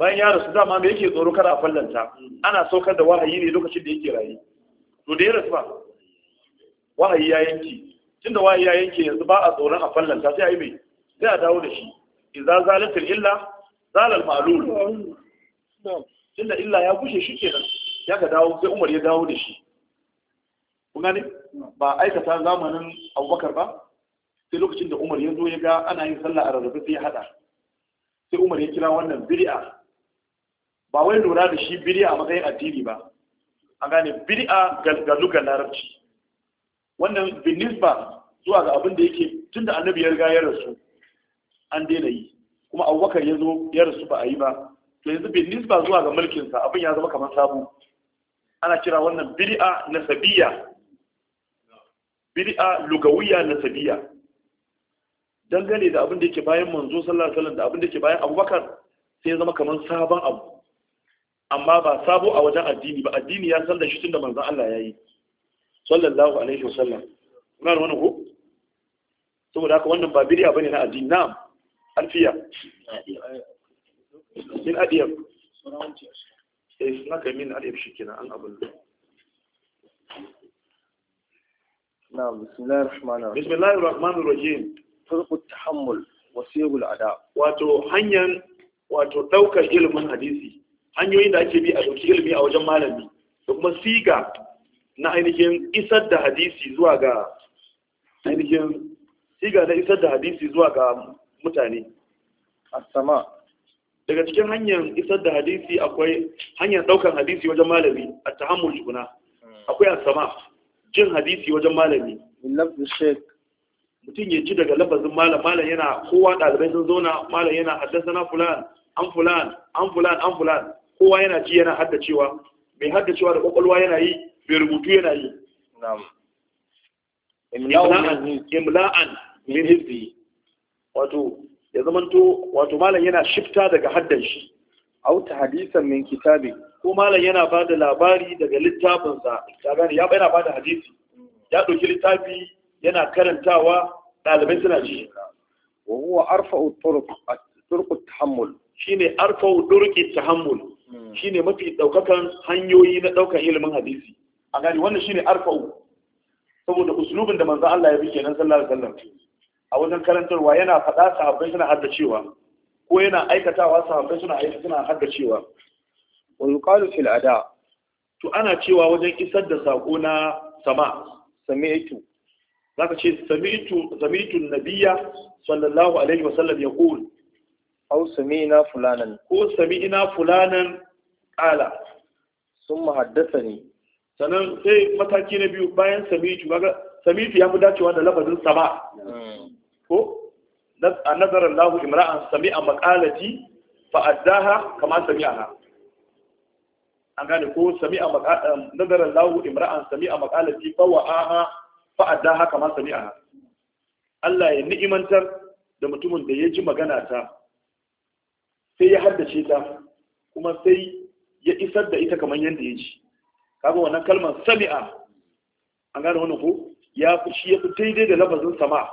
bayan ya rasu dama me yake tsoro kada a fallanta ana saukar da wahayi ne lokacin da yake raye to da ya rasu ba wahayi ya yanke da wahayi ya yanke yanzu ba a tsoron a fallanta sai a yi mai sai a dawo da shi idan zalatil illa zalal ma'lul tunda illa ya gushe shi kenan ya ka dawo sai Umar ya dawo da shi kun gane ba aikata zamanin Abubakar ba sai lokacin da Umar ya zo ya ga ana yin sallah a rarrabe sai ya hada sai Umar ya kira wannan bid'a ba wai lura da shi bid'a a matsayin addini ba an gane bid'a ga larabci wannan binisba zuwa ga abin da yake tunda annabi ya riga ya rasu an daina yi kuma abubakar ya zo ya rasu ba a yi ba to yanzu binisba zuwa ga mulkinsa abin ya zama kamar sabo ana kira wannan bid'a nasabiyya bid'a lugawiyya nasabiyya dangane da abin da yake bayan manzo sallallahu alaihi wasallam da abin da yake bayan abubakar sai ya zama kamar sabon abu amma ba sabo a wajen addini ba addini ya san da shi da manzon Allah ya yi sallallahu alaihi Kuna da wani ko saboda haka wannan ba ba ne na addini na alfiya min adiyab eh na kai min adiyab shikenan an abun نعم بسم الله الرحمن الرحيم بسم الله الرحمن الرحيم فرق التحمل وسيغ الأداء واتو هنيا واتو دوكا علم hanyoyin da ake bi a ɗauki ilimi a wajen malami da kuma siga na ainihin isar da hadisi zuwa ga ainihin siga na isar da hadisi zuwa ga mutane asama daga cikin hanyar isar da hadisi akwai hanyar ɗaukar hadisi wajen malami a tahammul juna hmm. akwai asama jin hadisi wajen malami mutum ya ci daga lafazin malam malam yana kowa ɗalibai sun zauna malam yana haddasa na fulan an fulan an fulan an fulan kowa yana ji yana haddacewa mai haddacewa da kwakwalwa yana yi mai rubutu yana yi imla'an min hizbi wato ya to wato malam yana shifta daga haddan shi au hadisan min kitabi ko malam yana ba da labari daga littafinsa ya gane ya yana ba da hadisi ya ɗauki littafi yana karantawa ɗalibai suna ji wa huwa arfa'u turuq at-turuq at-tahammul shine arfa'u turuq at-tahammul shine mafi daukakan hanyoyi na daukan ilimin hadisi a gani wannan shine arfa'u saboda uslubin da manzo Allah ya bi kenan sallallahu alaihi wasallam a wajen karantarwa yana faɗa sahabbai suna haddacewa ko yana aikatawa sahabbai suna aiki suna haddacewa wa yuqalu fil ada to ana cewa wajen isar da sako na sama sami'tu zaka ce sami'tu sami'tu nabiyya sallallahu alaihi wasallam yaqul aw sami'na fulanan ko sami'na fulanan qala sun sai mataki na biyu bayan sami'tu sami'tu ya fi dacewa da lafazin sama hmm. ko a nazarar lahu imra'an sami'a maqalati fa addaha kama sami'aha an gane ko sami'a um, imra'an sami'a maqalati fa Allah ya ni'imantar da mutumin da ya ji magana ta sai ya haddace ta kuma sai ya isar da ita kamar yadda ya ji kaga wannan kalmar sami'a an gane wannan ko ya shi ya fi daidai da lafazin sama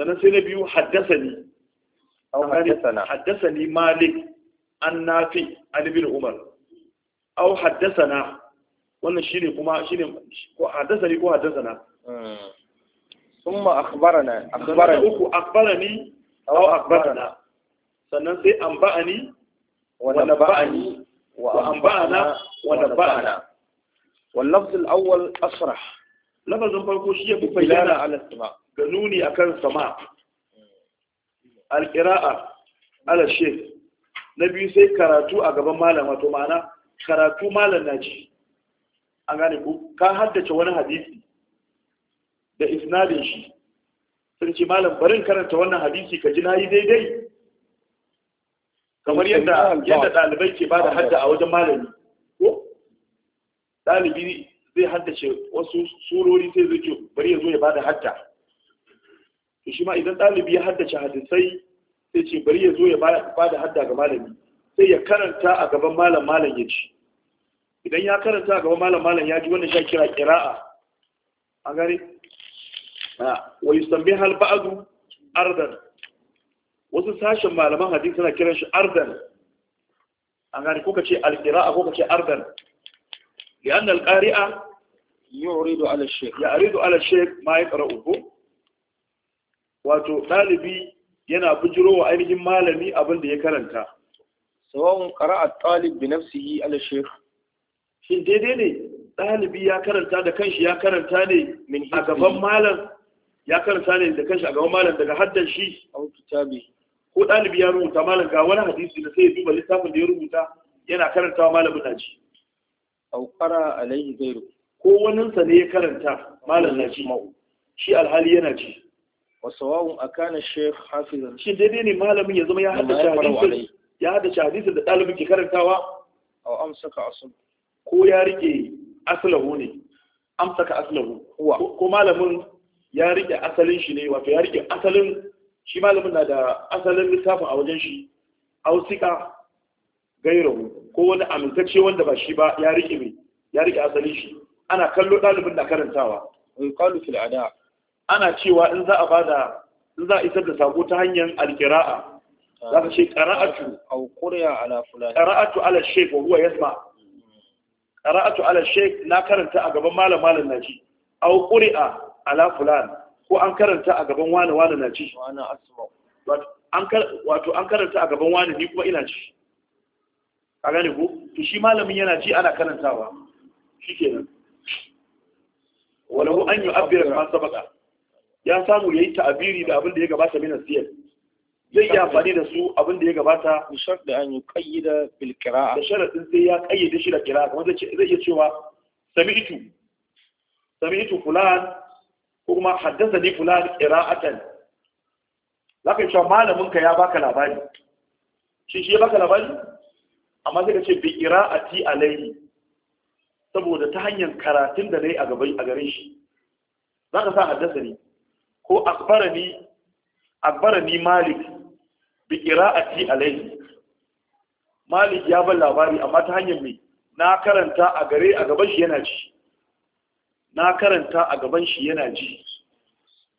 sannan sai na biyu haddasa ni haddasa ni malik an nafi an ibn umar au haddasa hmm. na wannan shine kuma shine ko haddasa ni ko haddasa na ثم أخبرنا أخبرني أخبرني أو أخبرنا sannan sai an ba'ani wanda ba'ani wa'an ba'ana wanda ba'ana wallafin awal asra lafazin farko shi ya fi bayyana ga nuni a kan sama alƙira'a alashe na biyu sai karatu a gaban malama, to ma'ana karatu malam na ji an gane ku ka haddace wani hadisi da isnadin shi sun ce malam barin karanta wannan hadisi ka ji na yi daidai kamar yadda yadda ɗalibai ke bada hadda a wajen malami ko ɗalibi zai haddace wasu surori sai zai ce bari ya zo ya bada hadda to shi ma idan ɗalibi ya haddace hadisai sai ce bari ya zo ya bada hadda ga malami sai ya karanta a gaban malam malam ya ci idan ya karanta a gaban malam malam ya ji wannan shi kira kira'a a gare ah, wa yusambi hal ba'adu ardan wasu sashen malaman hadisi suna kiran shi ardan an gani kuka ce alqira'a kuka ce ardan lian alqari'a yuridu ala shaykh yuridu ala shaykh ma wato ɗalibi yana bujiro wa ainihin malami abin da ya karanta sawa'un qara'a talib bi nafsihi yi shaykh shin daidai ne ɗalibi ya karanta da kanshi ya karanta ne a gaban malam ya karanta ne da kanshi a gaban malam daga haddan shi a kitabi ko ɗalibi ya rubuta malam ga wani hadisi da sai ya duba littafin da ya rubuta yana karantawa malamin na ci au qara alaihi ghayru ko wani sa ne ya karanta malam na mau shi alhali yana ci wa sawa'un akana shaykh hafizan shi daidai ne malamin ya zama ya haddace hadisi ya haddace hadisin da ɗalibin ke karantawa au amsaka asl ko ya rike aslahu ne amsaka aslahu ko malamin ya rike asalin shi ne wato ya rike asalin shi malamin na da asalin littafin a wajen shi ausika gairahu ko wani amintacce wanda ba shi ba ya rike mai ya rike asalin shi ana kallo ɗalibin na karantawa in qalu fil ada ana cewa in za a bada in za a isar da sako ta hanyar alkira'a za ka ce ƙara'atu aw ala fulan ala shaykh wa huwa yasma ala shaykh na karanta a gaban malam malam naji aw quri'a ala Fulani. ko an karanta a gaban wani wani na ci wato an karanta a gaban wani ni kuma ina ci a gane ko to shi malamin yana ci ana karantawa shi nan walahu an yi abiyar ma sabaka ya samu ya yi ta'abiri da abin da ya gabata mina siyar zai yi amfani da su abin da ya gabata bishar da an yi kayyada bil kira'a da sharadin sai ya kayyade shi da kira, kuma zai iya cewa sami'tu sami'tu fulan ko kuma haddasa ni fulan qira'atan zaka cewa malamin ka ya baka labari shi shi ya baka labari amma sai ka ce bi qira'ati alayhi saboda ta hanyar karatun da nayi a a garin shi Za ka sa haddasa ni ko akbarani akbarani malik bi qira'ati alayhi malik ya ban labari amma ta hanyar mai. na karanta a gare a gaban shi yana ci na karanta a gaban shi yana ji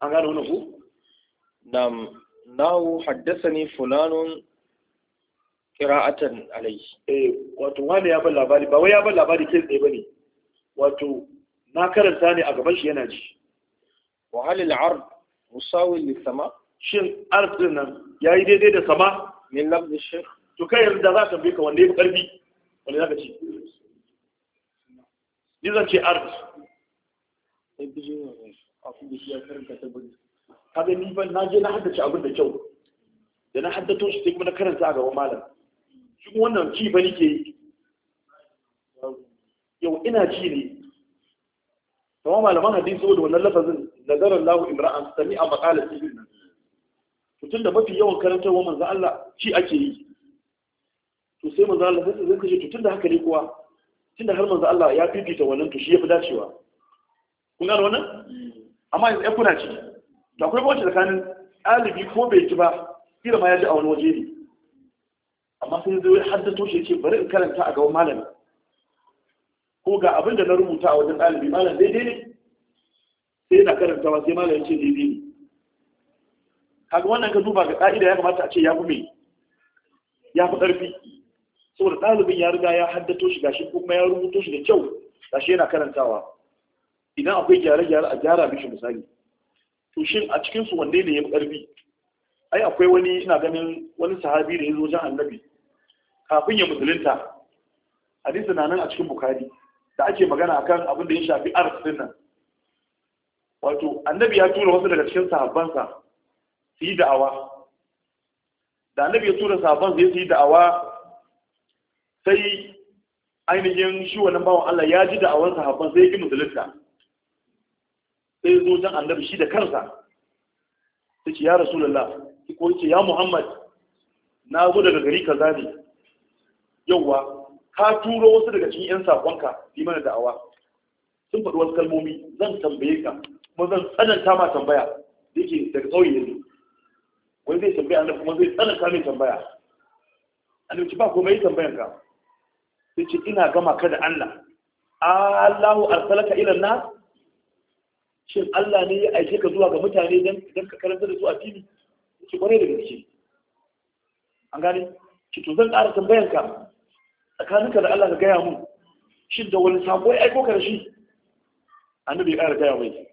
an gano wani ku? nam nawo haddasani fulanun kira'atan alai eh wato wani ya ban labari ba wai ya ban labari kai tsaye ne. wato na karanta ne a gaban shi yana ji wa halil ard musawil lis sama shin ard din nan yayi daidai da sama min lafzi shaykh to kai yanzu da za ka bi ka wanda fi karfi wanda zaka ci ni zan ce ard sai bijiyo eh, kaga ni ban na je na haddace abin da kyau da na haddato shi sai kuma na karanta a gaban malam shi wannan ci ba nake yi yau ina ci ne kuma malaman hadisi da wannan lafazin nazarar lahu imra'an sami a makalar cikin nan mutum da mafi yawan karantarwa manzan Allah ci ake yi to sai manzan Allah sai zai kashe tun da haka ne kuwa tun da har manzan Allah ya fifita wannan to shi ya fi dacewa kun gano wannan amma yanzu ya kuna ciki da akwai bambanci tsakanin ɗalibi ko bai ji ba kila ma ya ji a wani waje ne amma sai zai haddato toshe ce bari in karanta a gaban malami ko ga abin da na rubuta a wajen ɗalibi malam daidai ne sai yana karantawa sai malam ya ce daidai ne kaga wannan ka duba ga ƙa'ida ya kamata a ce ya fi mai ya fi ƙarfi saboda ɗalibin ya riga ya haddato shi gashi kuma ya rubuto shi da kyau gashi yana karantawa idan akwai gyare-gyare a gyara bishi misali to shin a cikin su wanne ne ya ƙarfi? ai akwai wani ina ganin wani sahabi da ya zo jan annabi kafin ya musulunta hadisi na nan a cikin bukari da ake magana akan abin da ya shafi arz din nan wato annabi ya tura wasu daga cikin sahabbansa su yi da'awa da annabi ya tura sahabban sai su yi da'awa sai ainihin shi wannan bawan Allah ya ji da'awar sahabban sai ya ki musulunta sai zo jan annabi shi da kansa sai ce ya rasulullah ko ce ya muhammad na zo daga gari kaza ne yauwa ka turo wasu daga cikin yan sakonka yi mana da'awa sun faɗi wasu kalmomi zan tambaye ka kuma zan tsananta ma tambaya da yake daga tsauye yanzu wani zai tambaya annabi kuma zai tsananta mai tambaya annabi ci ba komai tambayan ka sai ce ina gama ka da Allah Allahu arsalaka ilan nas shin Allah ne ya aike ka zuwa ga mutane don ka karanta da su a fili ki kwarai da gaske an gane ki to zan ƙara tambayan ka tsakaninka da Allah ka gaya mun shin da wani sako ya aiko ka shi annabi ya ƙara gaya mai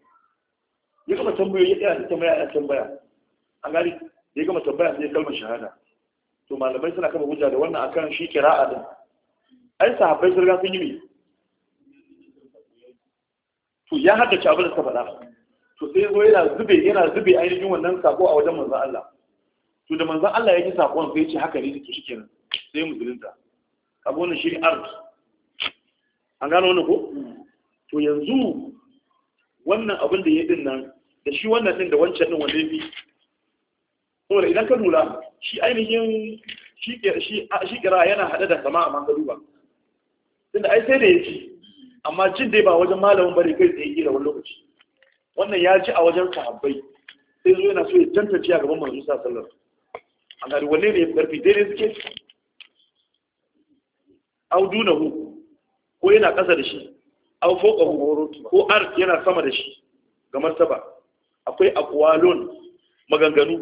ya gama tambayo ya tsaya tambaya ya tambaya an gane da ya gama tambaya sai kalmar shahada to malamai suna kama hujja da wannan akan shi kira'a din ai sahabbai sun riga sun yi to ya haddace abin da ta faɗa to sai zo yana zube yana zube ainihin wannan sako a wajen manzon Allah to da manzon Allah ya ji sakon sai ya ce haka ne to shikenan sai mu musulunta abu wannan shi ard an gano wannan ko to yanzu wannan abin da ya din nan da shi wannan din da wancan din wanda yafi saboda idan ka lura shi ainihin shi shi shi kira yana hada da sama a ka tunda ai sai da yaji amma cin dai ba wajen malamin bari kai tsaye gida wani lokaci wannan ya ci a wajen sahabbai sai zo yana so ya tantance a gaban manzo sallallahu alaihi wasallam an gari wanne ne ya karfi daidai suke au dunahu ko yana ƙasa da shi au fawqahu ko ar yana sama da shi ga martaba akwai aqwalun maganganu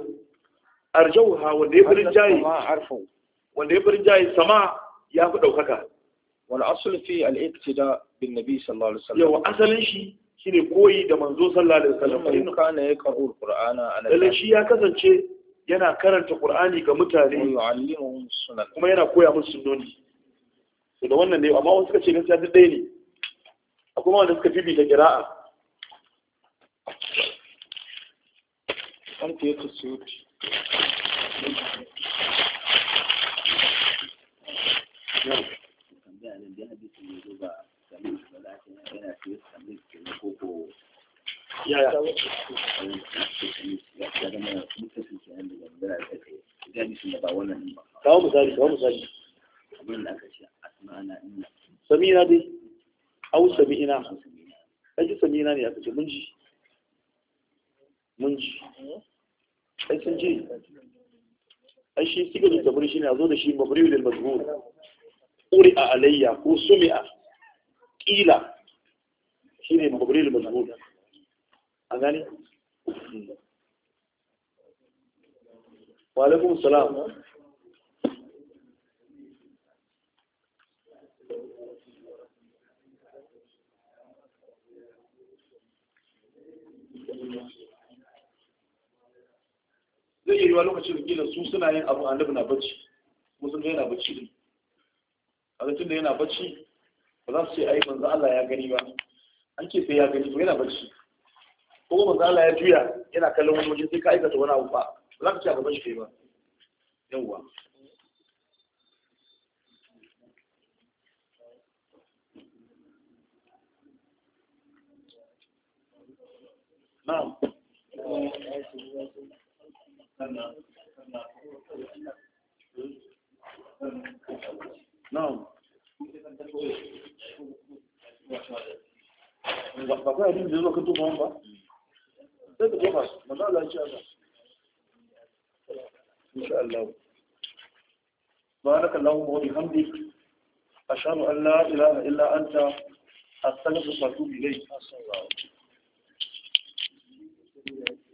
arjauha wanda ya farin jayi wanda ya farin jayi sama ya fi ɗaukaka wal asl fi al iqtida bin nabi sallallahu alaihi wasallam yawa asalin shi shine koyi da manzo sallallahu alaihi wasallam fa in kana shi ya kasance yana karanta qur'ani ga mutane yu'allimuhum sunan kuma yana koya musu sunnoni to da wannan ne amma wasu suka ce dai ne akwai wanda suka qira'a an ta kawo misali kawo misali samina dai au samina kaji samina ne aka ce mun ji mun ji ai sun ji ai shi sigar da tabari shi ne a zo da shi mabriyu da mazmur a alayya ko sumi'a kila shi ne makubirin mazmud a gani? walekun salam zai yi wa lokacin gina su suna yin abu annabi na bacci musulmi yana bacci a da yana bacci ba za su ce ai manzo Allah ya gani ba an ce sai ya gani to yana barci ko manzo Allah ya juya yana kallon wani waje sai ka aikata wani abu ba ba za ka ce ba barci shi kai ba yawwa Na'am. Na'am. ba kai abin zo ka ba sai da بارك الله وبحمدك أشهد أن لا إله إلا أنت أستغفرك وأتوب إليك